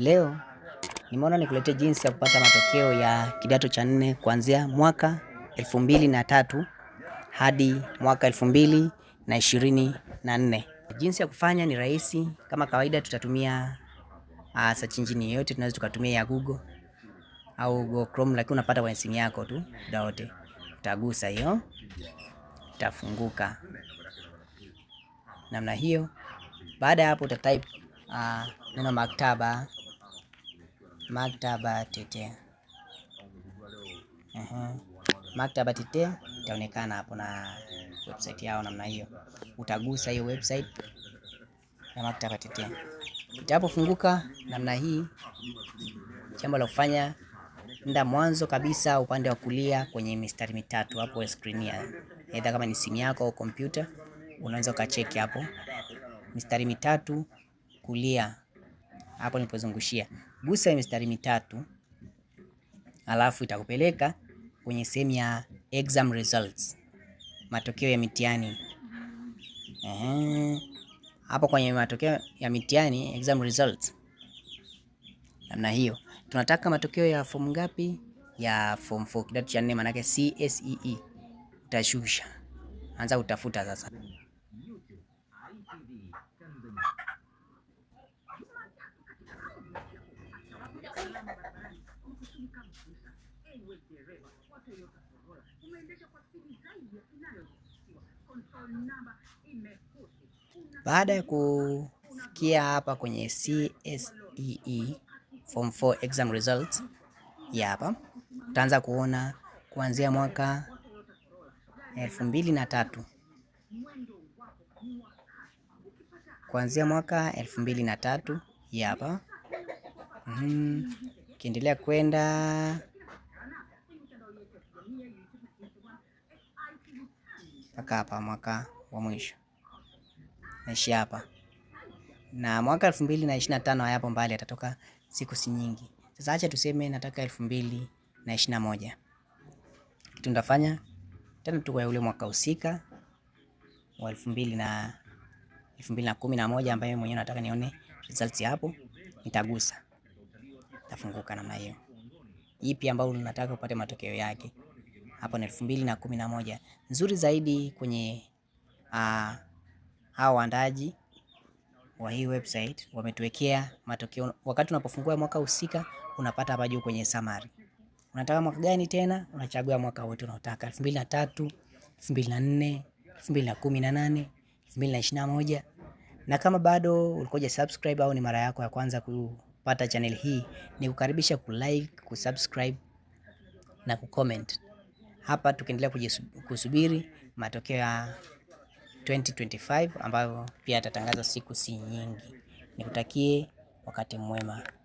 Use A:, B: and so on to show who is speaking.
A: Leo nimeona nikuletee jinsi ya kupata matokeo ya kidato cha nne kuanzia mwaka elfu mbili na tatu hadi mwaka elfu mbili na ishirini na nne. Jinsi ya kufanya ni rahisi. Kama kawaida, tutatumia uh, search engine yoyote, tunaweza tukatumia ya Google au Google Chrome, lakini unapata kwenye simu yako tu muda wote. Utagusa hiyo, itafunguka namna hiyo. Baada ya hapo, type uh, ah, neno maktaba maktaba tete. -huh. Maktaba tete itaonekana hapo na website yao namna hiyo. Utagusa hiyo website ya maktaba tete, itapofunguka namna hii, jambo la kufanya nda mwanzo kabisa upande wa kulia kwenye mistari mitatu hapo screen ya aidha, kama ni simu yako au kompyuta, unaweza ukacheki hapo mistari mitatu kulia hapo nilipozungushia. Gusa mistari mitatu, alafu itakupeleka kwenye sehemu ya exam results, matokeo ya mitihani. Ehe, hapo kwenye matokeo ya mitihani exam results, namna hiyo. Tunataka matokeo ya fomu ngapi? Ya form 4 kidato cha 4, manake CSEE. E. Utashusha, anza kutafuta sasa. Ewe dereva wa Toyota Corolla, umeendesha kwa spidi zaidi ya inayoruhusiwa. Control Baada ya kufikia hapa kwenye CSEE e, Form 4 exam results ya hapa, utaanza kuona kuanzia mwaka elfu mbili na tatu kuanzia mwaka elfu mbili na tatu hapa. Mm. Ukiendelea kwenda mpaka hapa mwaka wa mwisho naishi hapa, na mwaka elfu mbili na ishirini na tano hayapo mbali, atatoka siku si nyingi. Sasa acha tuseme nataka elfu mbili na ishirini na moja kitu nitafanya tena tu ule mwaka husika wa elfu mbili na elfu mbili na kumi na moja ambaye mwenyewe nataka nione results hapo, nitagusa itafunguka namna hiyo. Ipi ambayo unataka upate matokeo yake? Hapo ni elfu mbili na kumi na moja nzuri zaidi kwenye uh, hawa waandaji wa hii website wametuwekea matokeo. Wakati unapofungua mwaka husika, unapata hapa juu kwenye summary. Unataka mwaka gani tena? Unachagua mwaka wote unaotaka, elfu mbili na tatu, elfu mbili na nne, elfu mbili na kumi na nane, elfu mbili na ishirini na moja. Na kama bado ulikuja subscribe au ni mara yako ya kwanza ku kupata channel hii ni kukaribisha kulike, kusubscribe na kucomment. Hapa tukiendelea kusubiri matokeo ya 2025 ambayo pia atatangaza siku si nyingi. Nikutakie wakati mwema.